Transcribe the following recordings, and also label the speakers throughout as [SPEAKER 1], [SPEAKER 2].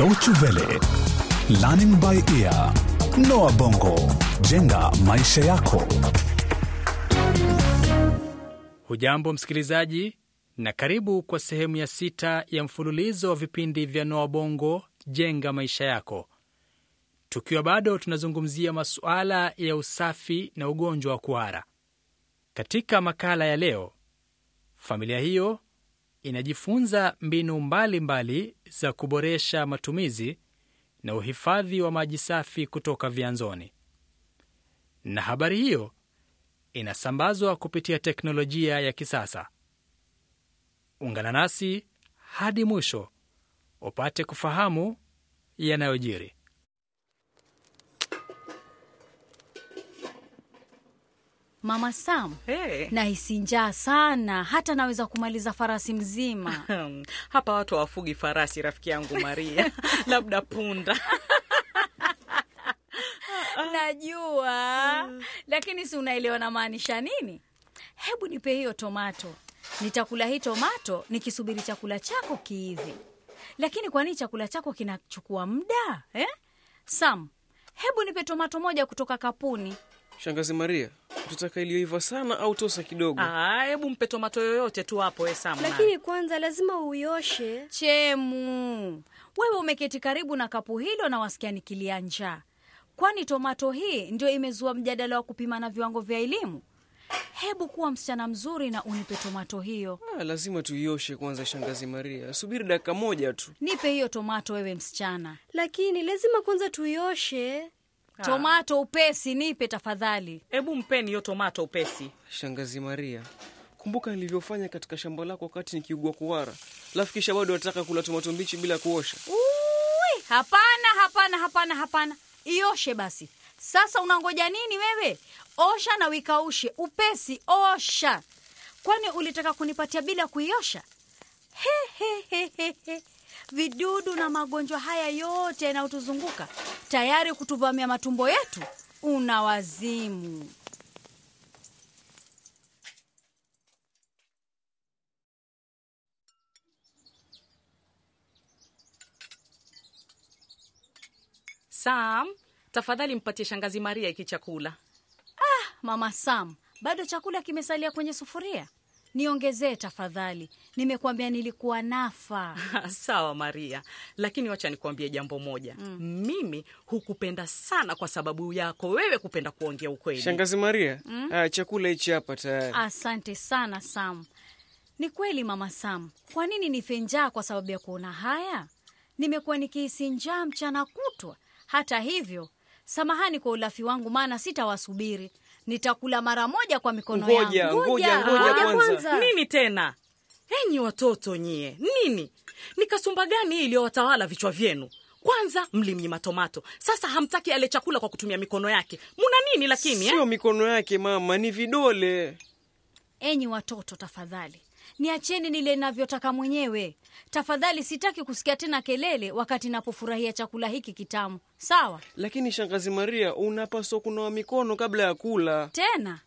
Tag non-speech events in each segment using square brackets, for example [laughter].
[SPEAKER 1] Welle, Learning by Ear, Noah Bongo, jenga maisha yako.
[SPEAKER 2] Hujambo msikilizaji, na karibu kwa sehemu ya sita ya mfululizo wa vipindi vya Noah Bongo, jenga maisha yako, tukiwa bado tunazungumzia masuala ya usafi na ugonjwa wa kuhara. Katika makala ya leo, familia hiyo inajifunza mbinu mbalimbali mbali za kuboresha matumizi na uhifadhi wa maji safi kutoka vyanzoni, na habari hiyo inasambazwa kupitia teknolojia ya kisasa. Ungana nasi hadi mwisho upate kufahamu yanayojiri.
[SPEAKER 3] Mama Sam, hey. Nahisi njaa sana hata naweza kumaliza farasi mzima [laughs] hmm, hapa watu
[SPEAKER 4] hawafugi farasi, rafiki yangu Maria [laughs] labda punda
[SPEAKER 3] [laughs] najua mm. Lakini si unaelewa namaanisha nini? Hebu nipe hiyo tomato, nitakula hii tomato nikisubiri chakula chako kiivi Lakini kwa nini chakula chako kinachukua muda eh? Sam, hebu nipe tomato moja kutoka kapuni
[SPEAKER 4] Shangazi Maria, tutaka iliyoiva sana au tosa kidogo? Ah, hebu mpe tomato yoyote tu hapo Lakini
[SPEAKER 3] kwanza lazima uyoshe Chemu, wewe umeketi karibu na kapu hilo na wasikia nikilia njaa, kwani tomato hii ndio imezua mjadala wa kupima na viwango vya elimu? Hebu kuwa msichana mzuri na unipe tomato hiyo.
[SPEAKER 4] Ah, lazima tuioshe kwanza, shangazi Maria, subiri dakika moja tu.
[SPEAKER 3] Nipe hiyo tomato wewe msichana. Lakini lazima kwanza tuioshe. Ha. Tomato upesi nipe tafadhali.
[SPEAKER 4] Hebu mpeni hiyo tomato upesi. Shangazi Maria, kumbuka nilivyofanya katika shamba lako wakati nikiugua kuwara, lafikisha bado wataka kula tomato mbichi bila kuosha.
[SPEAKER 3] Uwi, hapana, hapana, hapana, hapana, ioshe basi. Sasa unangoja nini wewe? Osha na wikaushe upesi, osha. Kwani ulitaka kunipatia bila kuiosha? He, he, he, he, he vidudu na magonjwa haya yote yanayotuzunguka tayari kutuvamia matumbo yetu, una wazimu. Sam, tafadhali mpatie shangazi Maria iki chakula. Ah, mama Sam, bado chakula kimesalia kwenye sufuria niongezee tafadhali, nimekuambia nilikuwa nafa. [laughs] Sawa Maria, lakini wacha nikuambie jambo moja mm. Mimi hukupenda sana kwa sababu yako wewe kupenda kuongea ukweli. Shangazi Maria mm.
[SPEAKER 4] Ah, chakula hichi hapa tayari.
[SPEAKER 3] Asante sana Sam. Ni kweli mama Sam, kwa nini nife njaa kwa sababu ya kuona haya? Nimekuwa nikihisi njaa mchana kutwa. Hata hivyo, samahani kwa ulafi wangu, maana sitawasubiri nitakula mara moja kwa mikono yangu. Ngoja ngoja ngoja kwanza. Nini tena? Enyi watoto nyie, nini? Ni kasumba gani hii iliyowatawala vichwa vyenu? Kwanza mlimnyima tomato, sasa hamtaki ale chakula kwa kutumia mikono yake. Muna nini lakini? Eh? Sio eh?
[SPEAKER 4] mikono yake mama, ni vidole.
[SPEAKER 3] Enyi watoto, tafadhali niacheni nile navyotaka mwenyewe. Tafadhali sitaki kusikia tena kelele wakati napofurahia chakula hiki kitamu. Sawa.
[SPEAKER 4] Lakini shangazi Maria, unapaswa kunawa mikono kabla ya kula tena.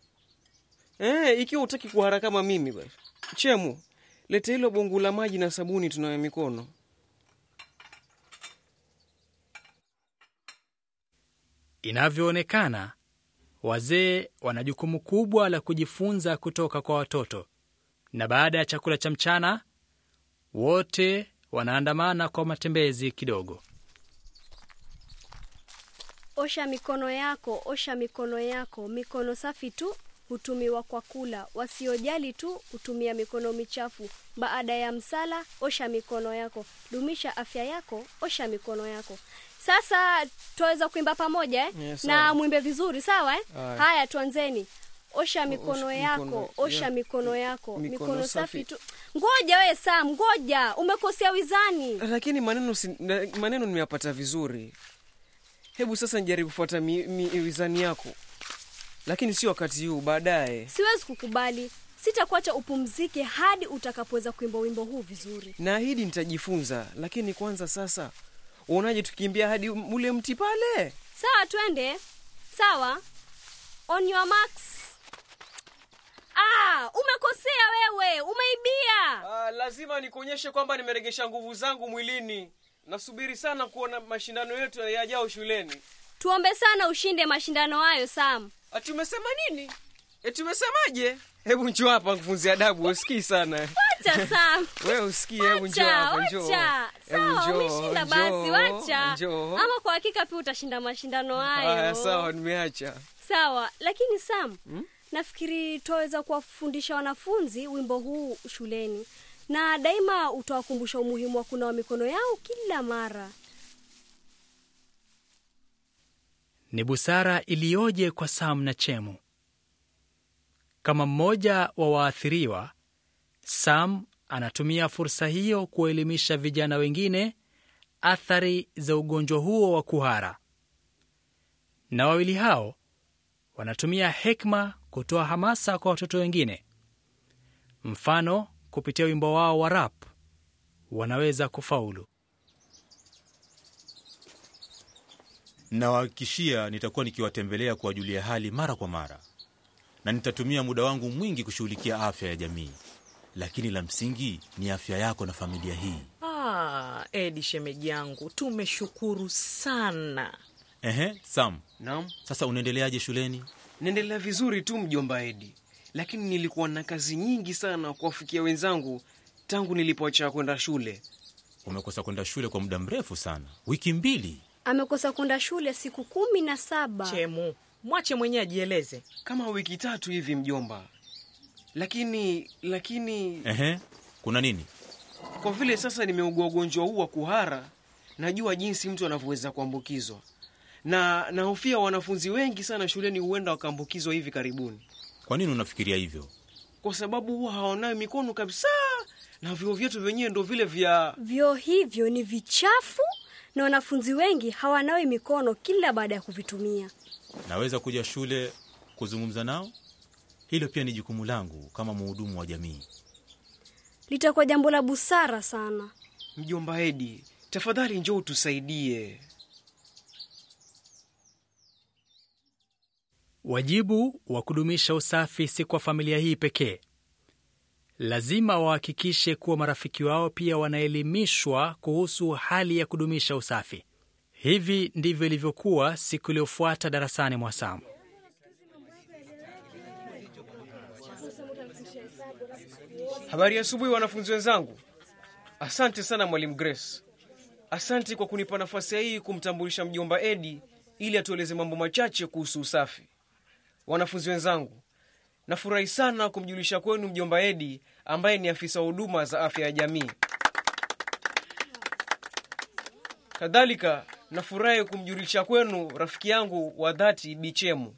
[SPEAKER 4] e, ikiwa utaki kuhara kama mimi basi. Chemu, lete hilo bongu la maji na sabuni, tunawe mikono.
[SPEAKER 2] Inavyoonekana, wazee wana jukumu kubwa la kujifunza kutoka kwa watoto na baada ya chakula cha mchana wote wanaandamana kwa matembezi kidogo.
[SPEAKER 5] Osha mikono yako, osha mikono yako. Mikono safi tu hutumiwa kwa kula, wasiojali tu hutumia mikono michafu. Baada ya msala, osha mikono yako. Dumisha afya yako, osha mikono yako. Sasa twaweza kuimba pamoja eh? Yes, na mwimbe vizuri sawa eh? Haya, tuanzeni osha mikono yako, osha mikono yako, mikono safi tu. Ngoja we Sam, ngoja, umekosea wizani.
[SPEAKER 4] Lakini maneno si, maneno nimeyapata vizuri. Hebu sasa nijaribu kufuata wizani yako, lakini sio wakati huu, baadaye.
[SPEAKER 5] Siwezi kukubali, sitakuacha upumzike hadi utakapoweza kuimba wimbo huu vizuri.
[SPEAKER 4] Naahidi nitajifunza, lakini kwanza sasa, uonaje tukimbia hadi ule mti pale?
[SPEAKER 5] Sawa, twende. Sawa, on your marks. Ah, umekosea wewe, umeibia.
[SPEAKER 4] Ah, lazima nikuonyeshe kwamba nimeregesha nguvu zangu mwilini. Nasubiri sana kuona mashindano yetu yajao shuleni. Tuombe
[SPEAKER 5] sana ushinde mashindano hayo Sam. Ati ah, umesema nini?
[SPEAKER 4] Eti eh, umesemaje? Hebu njoo hapa mfunzi adabu, usikii sana. Wacha Sam. [laughs] Wewe usikii, hebu njoo hapa, njoo. Sawa, umeshinda basi, wacha. Ama
[SPEAKER 5] kwa hakika pia utashinda mashindano hayo. Haya, sawa,
[SPEAKER 4] nimeacha.
[SPEAKER 5] Sawa, lakini Sam, hmm? nafikiri twaweza kuwafundisha wanafunzi wimbo huu shuleni na daima utawakumbusha umuhimu wa kunawa mikono yao kila mara
[SPEAKER 2] ni busara iliyoje kwa sam na chemu kama mmoja wa waathiriwa sam anatumia fursa hiyo kuwaelimisha vijana wengine athari za ugonjwa huo wa kuhara na wawili hao wanatumia hekma kutoa hamasa kwa watoto wengine. Mfano, kupitia wimbo wao wa rap wanaweza
[SPEAKER 1] kufaulu. Nawahakikishia nitakuwa nikiwatembelea kuwajulia hali mara kwa mara, na nitatumia muda wangu mwingi kushughulikia afya ya jamii, lakini la msingi ni afya yako na familia hii.
[SPEAKER 4] Ah, Edi shemeji yangu, tumeshukuru sana.
[SPEAKER 1] Ehe, Sam. Naam. Sasa unaendeleaje shuleni? Naendelea vizuri tu mjomba Edi, lakini
[SPEAKER 4] nilikuwa na kazi nyingi sana kuwafikia wenzangu tangu nilipoacha kwenda shule.
[SPEAKER 1] Umekosa kwenda shule kwa muda mrefu sana, wiki mbili.
[SPEAKER 5] Amekosa kwenda shule siku kumi
[SPEAKER 4] na saba. Chemu, mwache mwenyewe ajieleze.
[SPEAKER 1] Kama wiki tatu hivi mjomba.
[SPEAKER 4] Lakini lakini,
[SPEAKER 1] ehe, kuna nini? Kwa
[SPEAKER 4] vile sasa nimeugua ugonjwa huu wa kuhara, najua jinsi mtu anavyoweza kuambukizwa na nahofia wanafunzi wengi sana shuleni huenda wakaambukizwa hivi karibuni.
[SPEAKER 1] Kwa nini unafikiria hivyo?
[SPEAKER 4] Kwa sababu huwa hawanayo mikono kabisa, na vyoo vyetu vyenyewe ndo vile vya vyoo
[SPEAKER 5] hivyo ni vichafu, na wanafunzi wengi hawanawi mikono kila baada ya kuvitumia.
[SPEAKER 1] Naweza kuja shule kuzungumza nao? Hilo pia ni jukumu langu kama mhudumu wa jamii.
[SPEAKER 5] Litakuwa jambo la busara sana.
[SPEAKER 4] Mjomba Edi, tafadhali njoo utusaidie.
[SPEAKER 2] Wajibu wa kudumisha usafi si kwa familia hii pekee. Lazima wahakikishe kuwa marafiki wao pia wanaelimishwa kuhusu hali ya kudumisha usafi. Hivi ndivyo ilivyokuwa siku iliyofuata darasani mwa Sam.
[SPEAKER 4] Habari asubuhi, wanafunzi wenzangu. Asante sana mwalimu Grace, asante kwa kunipa nafasi hii kumtambulisha mjomba Edi ili atueleze mambo machache kuhusu usafi. Wanafunzi wenzangu, nafurahi sana kumjulisha kwenu mjomba Edi ambaye ni afisa huduma za afya ya jamii. Kadhalika nafurahi kumjulisha kwenu rafiki yangu wa dhati Bichemu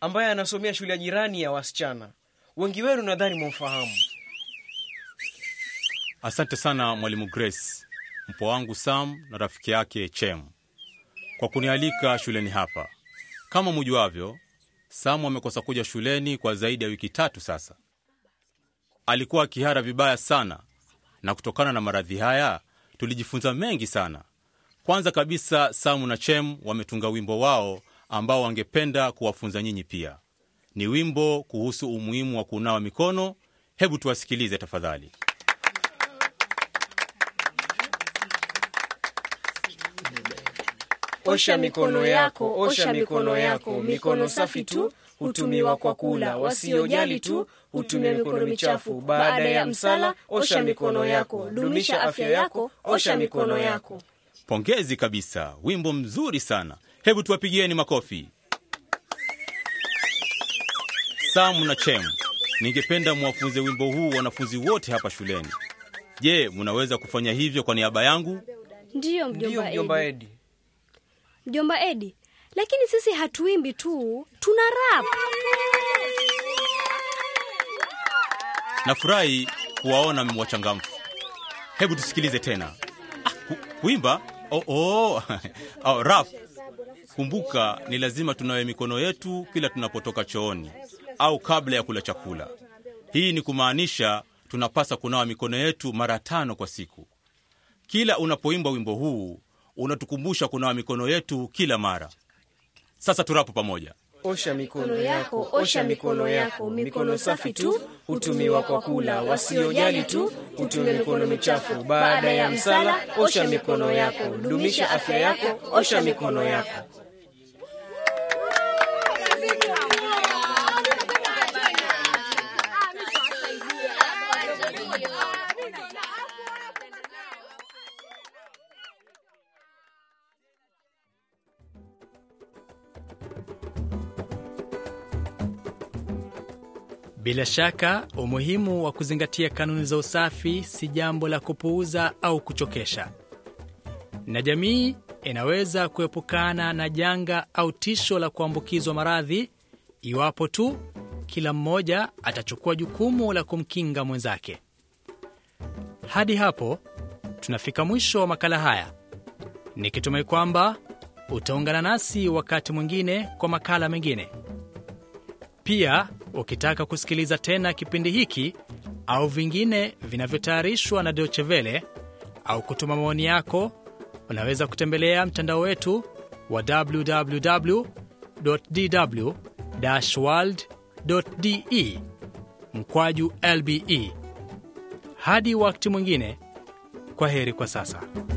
[SPEAKER 4] ambaye anasomea shule ya jirani ya wasichana. Wengi wenu nadhani mwamfahamu.
[SPEAKER 1] Asante sana Mwalimu Grace, mpo wangu Sam na rafiki yake Chem kwa kunialika shuleni hapa. Kama mujuavyo, Samu amekosa kuja shuleni kwa zaidi ya wiki tatu sasa. Alikuwa akihara vibaya sana, na kutokana na maradhi haya tulijifunza mengi sana. Kwanza kabisa, Samu na Chem wametunga wimbo wao ambao wangependa kuwafunza nyinyi pia. Ni wimbo kuhusu umuhimu wa kunawa mikono. Hebu tuwasikilize tafadhali.
[SPEAKER 2] Osha mikono yako,
[SPEAKER 4] osha mikono yako. Mikono safi tu hutumiwa kwa kula, wasiojali tu hutumia mikono michafu. Baada ya msala, osha mikono yako. Dumisha afya yako, osha mikono yako.
[SPEAKER 1] Pongezi kabisa, wimbo mzuri sana. Hebu tuwapigieni makofi. Samu na Chemu, ningependa mwafunze wimbo huu wanafunzi wote hapa shuleni. Je, mnaweza kufanya hivyo kwa niaba yangu?
[SPEAKER 5] Ndiyo mjomba Edi. Mjomba Edi, lakini sisi hatuimbi tu, tuna rap.
[SPEAKER 1] Nafurahi kuwaona wachangamfu. Hebu tusikilize tena. Ah, kuimba oh, oh. [laughs] Oh, rap. Kumbuka ni lazima tunawe mikono yetu kila tunapotoka chooni au kabla ya kula chakula. Hii ni kumaanisha tunapasa kunawa mikono yetu mara tano kwa siku. Kila unapoimba wimbo huu unatukumbusha kunawa mikono yetu kila mara. Sasa turapo pamoja.
[SPEAKER 4] Osha mikono yako, osha mikono yako. Mikono safi tu hutumiwa kwa kula, wasiojali tu hutumia mikono michafu. Baada ya msala, osha mikono yako. Dumisha afya yako, osha mikono yako.
[SPEAKER 2] Bila shaka umuhimu wa kuzingatia kanuni za usafi si jambo la kupuuza au kuchokesha, na jamii inaweza kuepukana na janga au tisho la kuambukizwa maradhi iwapo tu kila mmoja atachukua jukumu la kumkinga mwenzake. Hadi hapo tunafika mwisho wa makala haya, nikitumai kwamba utaungana nasi wakati mwingine kwa makala mengine. Pia Ukitaka kusikiliza tena kipindi hiki au vingine vinavyotayarishwa na dochevele au kutuma maoni yako, unaweza kutembelea mtandao wetu wa www dw world de mkwaju lbe. Hadi wakati mwingine, kwa heri kwa sasa.